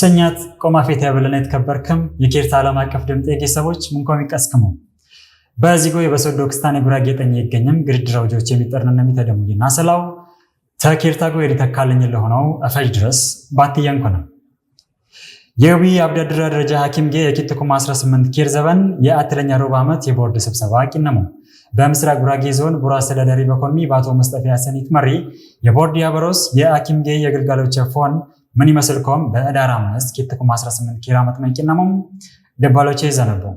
ሰኛት ቆማፌት ያበለና የተከበርክም የኬርት ዓለም አቀፍ ድምጤ ጌሰቦች ምንኳም ይቀስክሙ በዚጎ የበሶዶ ክስታን የጉራጌ ጠኝ ይገኝም ውጆች አውጆች የሚተደሙ ይና ስላው ተኬርታ ጎ የሊተካለኝ ለሆነው እፈጅ ድረስ ነው የዊ አብዳድራ ደረጃ ሐኪም ጌ የኪትኩም 18 ኬር ዘበን የአትለኛ ሮብ ዓመት የቦርድ ስብሰባ ቂነሙ በምስራቅ ጉራጌ ዞን ቡራ አስተዳዳሪ በኮንሚ በአቶ መስጠፊያ ሰኒት መሪ የቦርድ ያበሮስ የአኪም ጌ የግልጋሎች ፎን ምን ይመስል ከሆም በእዳር አምስት ኬትኩም 18 ኪራ መጥመቂናሞም ደባሎቼ ይዘነበው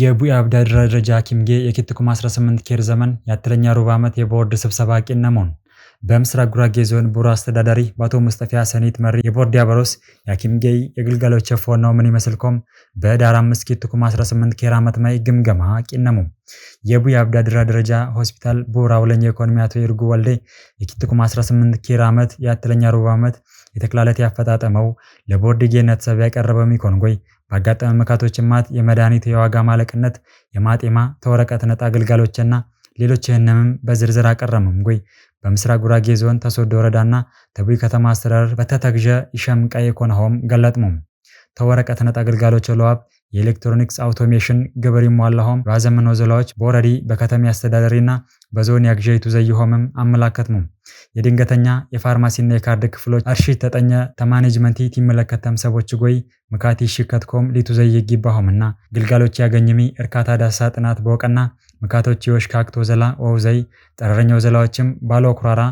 የቡይ አብዳ ድራ ደረጃ ኪምጌ የኬትኩም 18 ኬር ዘመን ያትለኛ ሩብ ዓመት የቦርድ ስብሰባ ቂነሞን በምስራቅ ጉራጌ ዞን ቡራ አስተዳዳሪ በአቶ ሙስጠፊያ ሰኒት መሪ የቦርድ ያበሮስ የአኪምጌይ የግልጋሎች ነው ምን ይመስልኮም በዳር አምስት ኪትኩም 18 ኬራ መትማይ ግምገማ ቂነሙ የቡያ አብዳድራ ደረጃ ሆስፒታል ቡራ ውለኝ የኢኮኖሚ አቶ ይርጉ ወልዴ የኪትኩም 18 ኬራ ዓመት የአትለኛ ሩብ ዓመት የተክላለት ያፈጣጠመው ለቦርድ ጌነት ሰብ ያቀረበም ኢኮንጎይ በአጋጠመ መካቶች ማት የመድኃኒት የዋጋ ማለቅነት የማጤማ ተወረቀት ነጣ አገልጋሎችና ሌሎች ይህንንም በዝርዝር ጎይ በምስራቅ ጉራጌ ዞን ተሶዶ ወረዳና ተቡይ ከተማ አስተዳደር በተተግዠ ይሸምቀይ የኮነሆም ገለጥሙም ተወረቀ ተነጥ አገልጋሎች ለዋብ የኤሌክትሮኒክስ አውቶሜሽን ግብር ይሟላሆም በዘመኖ ዘላዎች በወረዲ በከተሜ አስተዳደሪና በዞን ያግዣይቱ ዘይሆምም አመላከትሙም የድንገተኛ የፋርማሲና የካርድ ክፍሎች አርሺ ተጠኘ ተማኔጅመንት ቲመለከተም ሰቦች ጎይ ምካቲ ሽከትኮም ሊቱ ዘይግ ይባሆምና ግልጋሎች ያገኝሚ እርካታ ዳሳ ጥናት በወቀና ምካቶቼዎች ካክቶ ዘላ ወውዘይ ጠረረኛው ዘላዎችም ባለው ኩራራ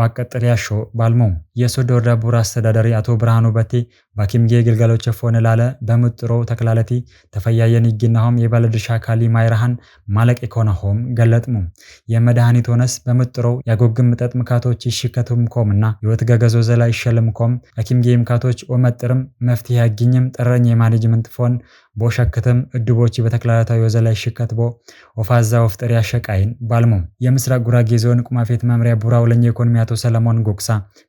ዋቀጥል ያሾ ባልሞም የሶዶር ረቡር አስተዳደሪ አቶ ብርሃኑ በቴ በኪምጌ ግልጋሎች ፎን ላለ በምጥሮ ተክላለቲ ተፈያየን ይግናሆም የባለድርሻ አካሊ ማይረሃን ማለቅ የኮነሆም ገለጥሙ የመድኃኒት ሆነስ በምጥሮ ያጎግም ምጠጥ ምካቶች ይሽከቱም ኮም እና ህይወት ገገዞ ዘላ ይሸልም ኮም ኪምጌ ምካቶች ወመጥርም መፍትሄ ያግኝም ጥረኝ የማኔጅመንት ፎን ቦሸክትም እድቦች በተክላለታዊ ወዘላ ይሽከት ቦ ኦፋዛ ወፍጥር ያሸቃይን ባልሞም የምስራቅ ጉራጌ ዞን ቁማፌት መምሪያ ቡራ ውለኛ ኢኮኖሚ አቶ ሰለሞን ጎቅሳ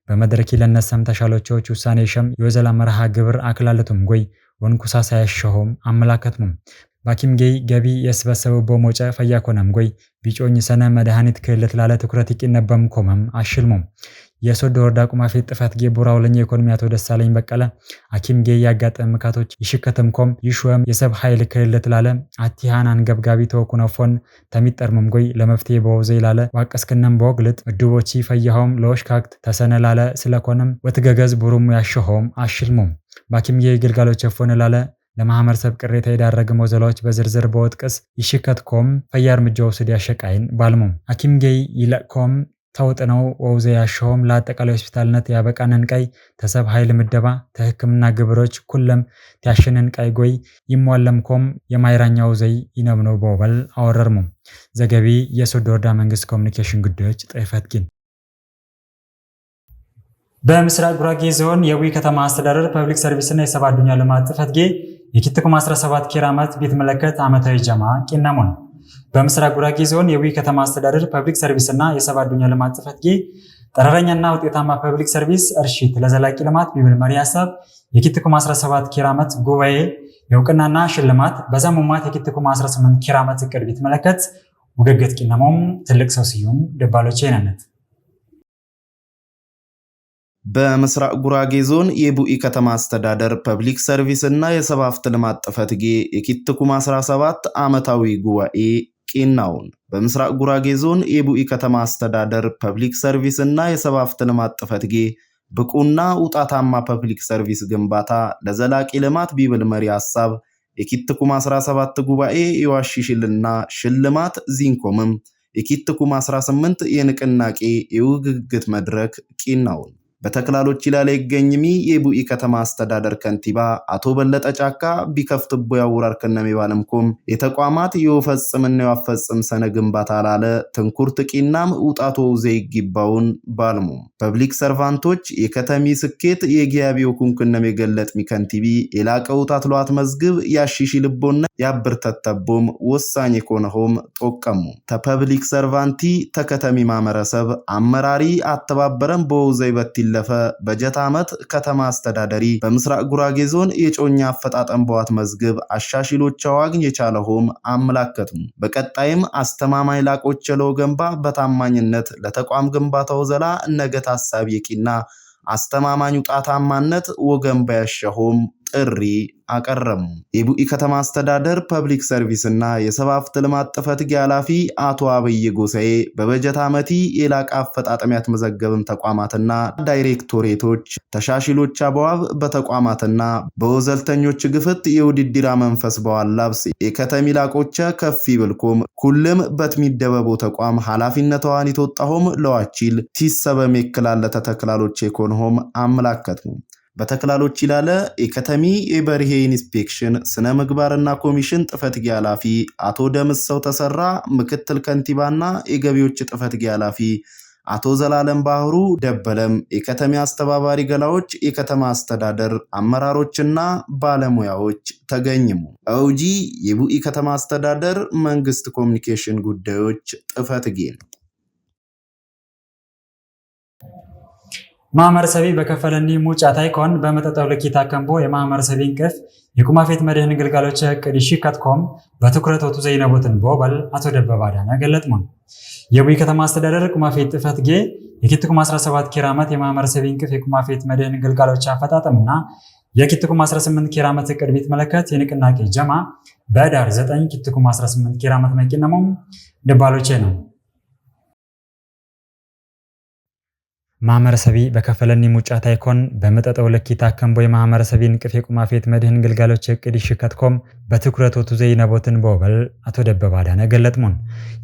በመደ በረኪለነት ሰምተሻሎቾች ውሳኔ ሸም የወዘላ መርሃ ግብር አክላለቱም ጎይ ወንኩሳ ሳያሸሆም አመላከትሙም ባኪምጌይ ገቢ የስበሰበ ቦሞጨ ፈያ ጎይ ቢጮኝ ሰነ መድኃኒት ክህልት ላለ ትኩረት ይቂነበም ኮመም አሽልሞም የሶዶ ወረዳ ቁማፌት ጥፋት ጌ ቡራው ለኛ ኢኮኖሚ አቶ ደሳለኝ በቀለ አኪም ጌ ያጋጠም ምካቶች ይሽከተም ኮም ይሹም የሰብ ኃይል ክህልት ላለ አቲሃናን ገብጋቢ ተወኩነ ፎን ተሚጠርምም ጎይ ለመፍትሄ በወዘይ ላለ ዋቀስክነም በወግልጥ እድቦቺ ፈያሆም ካክት ተሰነ ላለ ስለኮነም ወትገገዝ ቡሩሙ ያሸሆም አሽልሞም ባኪም ጌ ግልጋሎች ፎን ላለ ለማህበረሰብ ቅሬታ የዳረገ ሞዘላዎች በዝርዝር በወጥቀስ ይሽከትኮም ፈያ እርምጃ ውስድ ያሸቃይን ባልሞም አኪም ጌይ ይለቅኮም ተውጥነው ወውዘ ያሸውም ለአጠቃላይ ሆስፒታልነት ያበቃንን ቃይ ተሰብ ኃይል ምደባ ተህክምና ግብሮች ኩለም ቲያሽንን ቃይ ጎይ ይሟለምኮም የማይራኛ ውዘይ ይነብኖ በወበል አወረርሙ ዘገቢ የሶዶ ወረዳ መንግስት ኮሚኒኬሽን ጉዳዮች ጥፈት ግን በምስራቅ ጉራጌ ዞን የዊ ከተማ አስተዳደር ፐብሊክ ሰርቪስና የሰባ አዱኛ ልማት ጥፈት ጌ የኪትኩም 17 ኪራማት ቤት መለከት ዓመታዊ ጀማ ቂናሞን በምስራቅ ጉራጌ ዞን የዊ ከተማ አስተዳደር ፐብሊክ ሰርቪስ እና የሰብ አዱኛ ልማት ጽፈት ጌ ጠረረኛና ውጤታማ ፐብሊክ ሰርቪስ እርሺት ለዘላቂ ልማት ቢብል መሪ ሀሳብ የኪትኩም 17 ኪራመት ጉባኤ የእውቅናና ሽልማት በዛሙማት የኪትኩም 18 ኪራመት እቅድ ቤት መለከት ውገገት ቂናሞም ትልቅ ሰው ስዩም ደባሎቼ ነነት በምስራቅ ጉራጌ ዞን የቡኢ ከተማ አስተዳደር ፐብሊክ ሰርቪስ እና የሰብ ሀብት ልማት ጥፈትጌ የኪትኩም 17 ዓመታዊ ጉባኤ ቂናውን በምስራቅ ጉራጌ ዞን የቡኢ ከተማ አስተዳደር ፐብሊክ ሰርቪስ እና የሰብ ሀብት ልማት ጥፈትጌ ብቁና ውጣታማ ፐብሊክ ሰርቪስ ግንባታ ለዘላቂ ልማት ቢብል መሪ ሀሳብ የኪትኩም 17 ጉባኤ የዋሽሽልና ሽልማት ዚንኮምም የኪትኩም 18 የንቅናቄ የውግግት መድረክ ቂናውን በተክላሎች ይላል ይገኝሚ የቡኢ ከተማ አስተዳደር ከንቲባ አቶ በለጠ ጫካ ቢከፍት ቢከፍትቦ ያውራር ከነሜ ባለምኮም የተቋማት የውፈጽምና ያፈጽም ሰነ ግንባታ ላለ ትንኩር ጥቂናም ውጣቶ ዘይግ ይባውን ባልሙ ፐብሊክ ሰርቫንቶች የከተሚ ስኬት የጊያቢው ኩንክነም የገለጥሚ ከንቲቢ የላቀ ውጣት ለዋት መዝግብ ያሽሺ ልቦና ያብርተተቦም ወሳኝ የኮነሆም ጦቀሙ ተፐብሊክ ሰርቫንቲ ተከተሚ ማመረሰብ አመራሪ አተባበረን በወዘይ በቲ ቢለፈ በጀት ዓመት ከተማ አስተዳደሪ በምስራቅ ጉራጌ ዞን የጮኛ አፈጣጠም በዋት መዝግብ አሻሽሎች አዋግኝ የቻለሆም አመላከቱም። በቀጣይም አስተማማኝ ላቆች የለው ገንባ በታማኝነት ለተቋም ግንባታው ዘላ ነገ ታሳቢ የቂና አስተማማኙ ጣታማነት ወገንባ ያሸሆም ጥሪ አቀረሙ። የቡኢ ከተማ አስተዳደር ፐብሊክ ሰርቪስ እና የሰብአፍት ልማት ጥፈት ኃላፊ አቶ አብይ ጎሳኤ በበጀት ዓመቲ የላቀ አፈጣጠም ያትመዘገብም ተቋማትና ዳይሬክቶሬቶች ተሻሽሎች አበዋብ በተቋማትና በወዘልተኞች ግፍት የውድድራ መንፈስ በዋል ላብስ የከተሚ ላቆቸ ከፊ ብልኮም ሁልም በትሚደበቦ ተቋም ኃላፊነተዋን የተወጣሆም ለዋችል ቲሰበም የክላለተ ተክላሎች የኮንሆም አመላከትሙ በተክላሎች ይላለ የከተሚ የበርሄ ኢንስፔክሽን ስነ ምግባርና ኮሚሽን ጥፈት ጊ ኃላፊ አቶ ደምሰው ተሰራ ምክትል ከንቲባና የገቢዎች ጥፈት ጊ ኃላፊ አቶ ዘላለም ባህሩ ደበለም የከተሚ አስተባባሪ ገላዎች የከተማ አስተዳደር አመራሮችና ባለሙያዎች ተገኝሙ። ኦጂ የቡኢ ከተማ አስተዳደር መንግስት ኮሚኒኬሽን ጉዳዮች ጥፈት ጌ ነው። ማህበረሰቤ በከፈለኒ ሙጫ ታይኮን በመጠጠው ልኪታ ከምቦ የማህበረሰቤ እንቅፍ የቁማፌት መድህን ግልጋሎች እቅድ ይሽከትኮም በትኩረት ወቱ ዘይነቦትን በወበል አቶ ደበባዳነ አዳነ ገለጥሙ የቡይ ከተማ አስተዳደር ቁማፌት ጥፈት ጌ የኪትኩም 17 ኪራመት የማህበረሰቤ እንቅፍ የቁማፌት መድህን ግልጋሎች አፈጣጠምና የኪትኩም 18 ኪራመት እቅድ ቢትመለከት የንቅናቄ ጀማ በዳር 9 ኪትኩም 18 ኪራመት መቂነሞም ደባሎቼ ነው ማህበረሰቢ በከፈለኒ ሙጫ ታይኮን በመጠጠው ለኪ ታከምቦ ማህበረሰቢ ንቅፍ የቁማፌት መድህን ግልጋሎች እቅድ ይሽከትኮም በትኩረት ወቱ ዘይነቦትን በወበል አቶ ደበባ ዳነ ገለጥሙን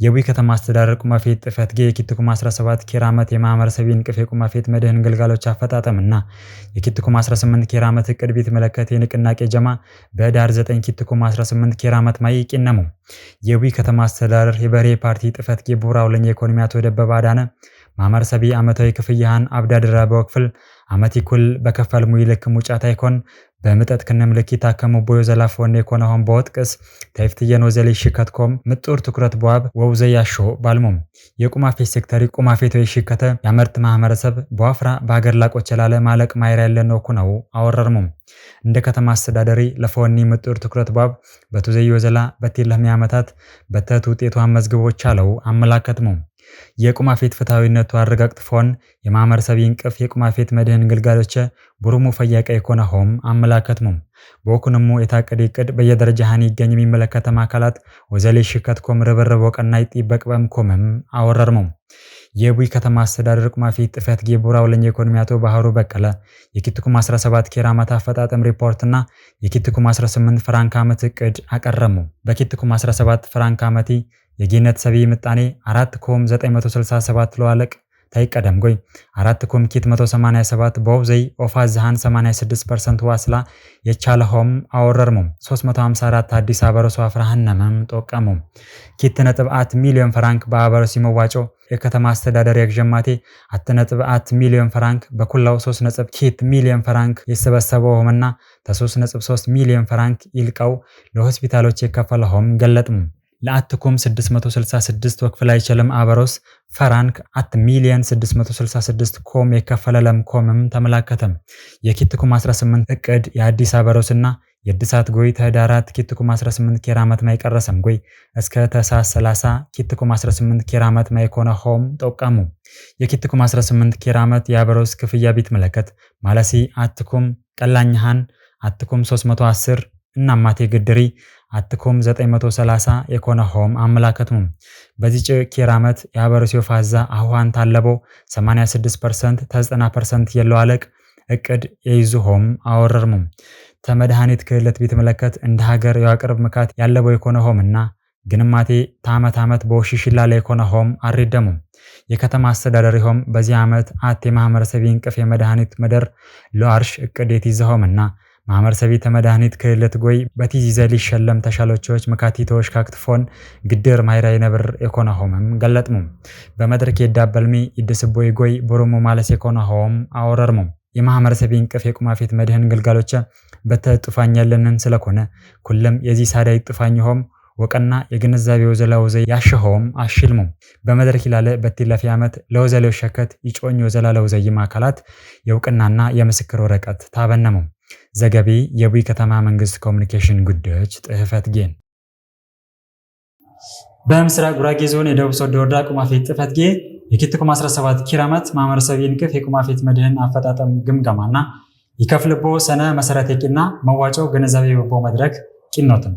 የዊ ከተማ አስተዳደር ቁማፌት ጥፈት ጌ የኪትኩም 17 ኬራመት የማህበረሰቢ ንቅፍ የቁማፌት መድህን ግልጋሎች አፈጣጠም አፈጣጠምና የኪትኩም 18 ኬራመት እቅድ ቤት መለከት የንቅናቄ ጀማ በዳር 9 ኪትኩም 18 ኬራመት ማይቅ ይነሙ የዊ ከተማ አስተዳደር የበሬ ፓርቲ ጥፈት ጌ ቡራውለኝ የኢኮኖሚ አቶ ደበባ ዳነ ማመር ሰቢ ዓመታዊ ክፍያህን አብዳድራ በወክፍል ዓመት ይኩል በከፈልሙ ይልክ ሙጫት አይኮን በምጠት ክንምልክ ይታከሙ ቦዮ ዘላፍ ወኔ የኮነ ሆን በወጥቅስ ተይፍትየኖ ዘሌ ሽከትኮም ምጡር ትኩረት በዋብ ወውዘ ያሾ ባልሞም የቁማፌ ሴክተሪ ቁማፌቶ የሽከተ ያመርት ማህበረሰብ በዋፍራ በሀገር ላቆች ላለ ማለቅ ማይራ ያለ ነው ኩነው አወረርሙም እንደ ከተማ አስተዳደሪ ለፈወኒ ምጡር ትኩረት በዋብ በቱዘዮ ዘላ በቴለሚ ዓመታት በተት ውጤቱ አመዝግቦች አለው አመላከትሙም የቁማፌት ፍትሐዊነቱ አረጋግጥፎን የማኅበረሰብ ይንቅፍ የቁማፌት መድህን ግልጋሎቸ ቡሩሙ ፈያቀ የኮነሆም አመላከትሙም በኩንሙ የታቀደ ይቅድ በየደረጃ ሀኒ ይገኝ የሚመለከተም አካላት ወዘሌ ኮም ርብርብ ወቀና ጢበቅበም ኮምም አወረርሙም የቡይ ከተማ አስተዳደር ቁማፌት ጥፈት ጌቡራ ወለኝ ኢኮኖሚ አቶ ባህሩ በቀለ የኪትኩም 17 ኬራማት አፈጣጠም ሪፖርትና የኪትኩም 18 ፍራንክ ዓመት እቅድ አቀረሙ። በኪትኩም 17 ፍራንክ ዓመቲ የጌነት ሰብይ ምጣኔ 4 ኮም 967 ለዋለቅ ታይቀደም ጎይ 4 ኮም ኪት 187 ዘይ ኦፋ ዝሃን 86 ፐርሰንት ዋስላ የቻለሆም አወረርሙም 354 አዲስ አበረሱ ነመም ጦቀሙም ኪት ነጥብ አት ሚሊዮን ፍራንክ በአበረሲ መዋጮ የከተማ አስተዳደር የግዠማቴ አት ነጥብ አት ሚሊዮን ፍራንክ በኩላው 3 ነጥብ ኪት ሚሊዮን ፍራንክ ሆምና ተ3 ነጥብ 3 ሚሊዮን ፍራንክ ይልቀው ለሆስፒታሎች የከፈለ ሆም ገለጥሙ ለአትኩም 666 ወክፍል አይችልም። አበሮስ ፈራንክ አት ሚሊየን 666 ኮም የከፈለ ለምኮምም ተመላከተም። የኪትኩም 18 እቅድ የአዲስ አበሮስ አበሮስና የእድሳት ጎይ ተዳራት ኪትኩም 18 ኬራመት ማይ ቀረሰም ጎይ እስከ ተሳስ 30 ኪትኩም 18 ኬራመት ማይ ኮነ ሆም ጠቃሙ የኪትኩም 18 ኬራመት የአበሮስ ክፍያ ቤት መለከት ማለሲ አትኩም ቀላኝሃን አትኩም 310 እናማቴ ግድሪ አትኮም 930 የኮነ ሆም አመላከቱም በዚጭ ኬር ዓመት የአበረሲዮ ፋዛ አሁን ታለቦ 86% ተ90% የለው አለቅ እቅድ የይዙ ሆም አወረርሙ ተመድሃኒት ክህለት ቢትመለከት እንደ ሀገር የዋቅርብ ምካት ያለበው የኮነ ሆም እና ግንማቴ ታመት ዓመት በወሽሽላ ላይ የኮነ ሆም አሪደሙ የከተማ አስተዳደሪ ሆም በዚህ ዓመት አት የማህበረሰብ ይንቅፍ የመድኃኒት መደር ለአርሽ እቅድ የትይዘ ሆም እና ማኅበር ሰቤተ መድኃኒት ክህለት ጎይ በቲ ዘሊሸለም ተሻሎቾች መካቲቶዎች ካክትፎን ግድር ማይራይ ነብር የኮናሆምም ገለጥሙም በመድረክ የዳበልሚ ይድስቦይ ጎይ ቦሮሞ ማለስ የኮናሆም አወረርሙም የማህበረሰብ እንቅፍ የቁማፌት መድህን ግልጋሎቸ በተጥፋኛለንን ስለኮነ ኩልም የዚህ ሳዳ ይጥፋኝ ሆም ወቀና የግንዛቤ ወዘላ ወዘ ያሸኸውም አሽልሙ በመድረክ ይላለ በትለፊ ዓመት ለወዘሌው ሸከት ይጮኝ ወዘላ ለወዘይም አካላት የእውቅናና የምስክር ወረቀት ታበነሙም ዘገቢ የቡይ ከተማ መንግስት ኮሚኒኬሽን ጉዳዮች ጥህፈት ጌን በምስራቅ ጉራጌ ዞን የደቡብ ሶዶ ወረዳ ቁማፌት ጽሕፈት ጌ የኪት ቁም 17 ኪራመት ማህበረሰብ ይንቅፍ የቁማፌት መድህን አፈጣጠም ግምገማና ይከፍልቦ ሰነ መሰረት የቂና መዋጮው ግንዛቤ የበቦ መድረክ ቂኖትም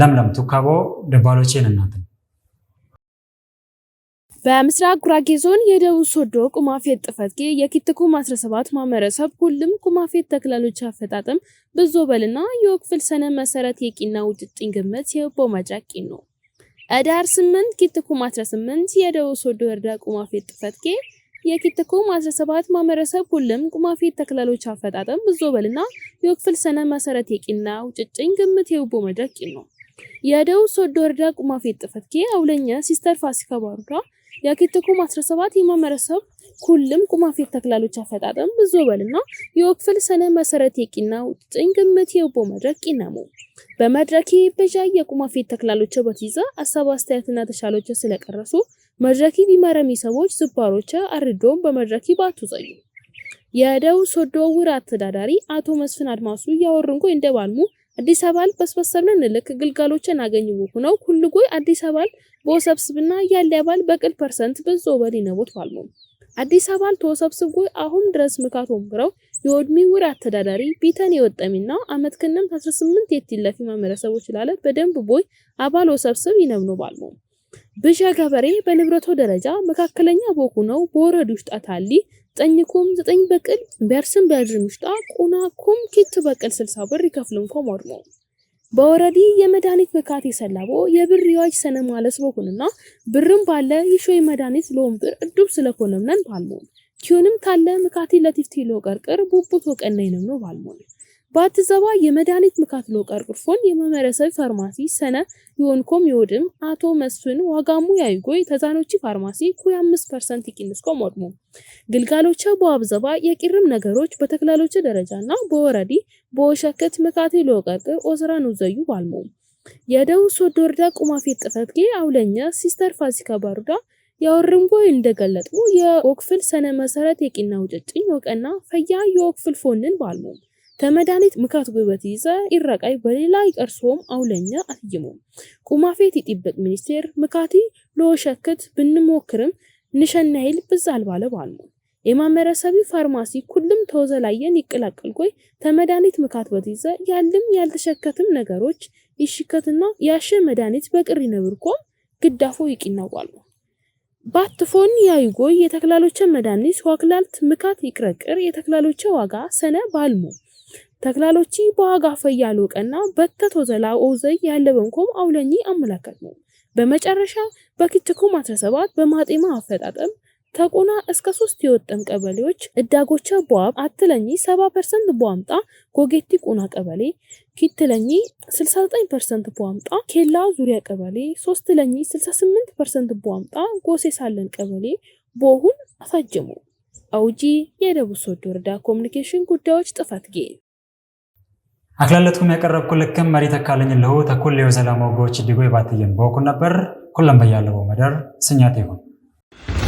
ለምለም ቱካቦ ደባሎቼን እናትም በምስራቅ ጉራጌ ዞን የደቡብ ሶዶ ቁማፌት ጥፈትጌ የኪትኩ ማስረሰባት ማህበረሰብ ሁሉም ቁማፌት ተክላሎች አፈጣጠም ብዙ በልና የወክፍል ሰነ መሰረት የቂና ውጭጭኝ ግምት የቦ መጫቂ ነው እዳር 8 ኪትኩ 18 የደቡብ ሶዶ ወረዳ ቁማፌት ጥፈትጌ የኪትኩ ማስረሰባት ማህበረሰብ ሁሉም ቁማፌት ተክላሎች አፈጣጠም ብዙ በልና የወክፍል ሰነ መሰረት የቂና ውጭጭኝ ግምት የቦ መጫቂ ነው Yaada'uu Sooddoo Wordaa Qumaaf Yaxxifattee አውለኛ ሲስተር ፋሲካ ባሩካ የክትኩም 17 የማህበረሰብ ሁሉም ቁማፍ ተክላሎች አፈጣጠም ብዙ በልና የወክፍል ሰነ መሰረት የቂናው ጥንግምት የቦ መድረክ ቂናሙ በመድረኪ በጃ የቁማፍ ተክላሎች በትይዘ አሳብ አስተያየትና ተሻሎች ስለቀረሱ መድረኪ ቢመረሚ ሰዎች ዝባሮች አርዶም በመድረኪ ባቱ ጸዩ የደቡብ ሶዶ ውራ አስተዳዳሪ አቶ መስፍን አድማሱ ያወርንጎ እንደባልሙ አዲስ አበባል በስበሰብነን ልክ ግልጋሎችን አገኝቡ ሁነው ሁሉ ጎይ አዲስ አበባል በወሰብስብና ያለ አባል በቅል ፐርሰንት በዞ በሊ ይነቦት ባሉ አዲስ አበባል ተወሰብስብ ጎይ አሁን ድረስ ምካት ወምብረው የወድሚ ውር አተዳዳሪ ቢተን የወጠሚና አመት ክንም 18 የትለፊ ማህበረሰቦች ላለ በደንብ ቦይ አባል ወሰብስብ ይነብኖ ባሉ ብዣ ገበሬ በንብረቶ ደረጃ መካከለኛ ቦኩ ነው በወረድ ውሽጣ ታሊ ጠኝኩም ዘጠኝ በቅል በርስን በድር ምሽጣ ቁናኩም ኩም ኪት በቅል ስልሳ ብር ይከፍልም ኮም አድሞ በወረዲ የመድኃኒት መካቴ የሰላቦ የብር የዋጅ ሰነ ማለስ በሆንና ብርም ባለ ይሾይ መድኃኒት ሎም ብር እዱብ ስለኮነምነን ባልሞን ኪዮንም ካለ ምካቴ ለቲፍቲ ሎ ቀርቅር ቡቡቶ ቀናይንም ነው ባልሞን በአዲስ የመድኃኒት ምካትሎ ቀርቅርፎን የመመረሰብ ፋርማሲ ሰነ የሆንኮም የወድም አቶ መስፍን ዋጋሙ ያይጎይ ተዛኖቺ ፋርማሲ ኩይ አምስት ፐርሰንት ይቅንስኮም ወድሞ ግልጋሎቻ በአብዘባ የቅርም ነገሮች በተክላሎች ደረጃ ደረጃና በወረዲ በወሸከት ምካትሎ ቀርቅር ኦስራን ውዘዩ ባልሞ የደቡብ ሶዶርዳ ወረዳ ቁማፌት ጥፈት ጌ አውለኛ ሲስተር ፋሲካ ባሩዳ ያወርንጎ እንደገለጥሙ የወክፍል ሰነ መሰረት የቂና ውጭጭኝ ወቀና ፈያ የወክፍል ፎንን ባልሞ ተመዳኒት ምካት ጉበት ይዘ ይረቃይ በሌላ ይቀርሶም አውለኛ አትይሙም ቁማፌት ይጥበቅ ሚኒስቴር ምካቲ ለወሸክት ብንሞክርም ንሸናይል ብዛል ባለ ባሉ የማመረሰቢ ፋርማሲ ሁሉም ተወዘላየን ይቀላቀል ቆይ ተመዳኒት ምካት በትይዘ ያልም ያልተሸከትም ነገሮች ይሽከትና ያሸ መድኃኒት በቅሪ ነብርኮ ግዳፎ ይቅናዋሉ ባትፎን ያይጎይ የተክላሎቸ መድኃኒት ዋክላልት ምካት ይቅረቅር የተክላሎቸ ዋጋ ሰነ ባልሙ ተክላሎቺ በአጋፈያ ሎቀና በተቶ ዘላ ዘይ ያለበንኮም አውለኚ አመላከት ነው። በመጨረሻ በኪትኩም 17 በማጤማ አፈጣጠም ተቆና እስከ 3 የወጠም ቀበሌዎች እዳጎቸ ቧብ አትለኚ 70% በዋምጣ ጎጌቲ ቁና ቀበሌ ኪትለኚ 69% በዋምጣ ኬላ ዙሪያ ቀበሌ 3 ለኚ 68% በዋምጣ ጎሴ ሳለን ቀበሌ ቦሁን አሳጀሙ አውጂ የደቡብ ሶዶ ወረዳ ኮሚኒኬሽን ጉዳዮች ጥፋት ጌ አክላለትኩም ልክም መሪ ተካለኝ ለሁ ተኩል የሰላም ወጎች ዲጎ የባትየን በወኩን ነበር ኩለም በያለው መደር ስኛት ይሁን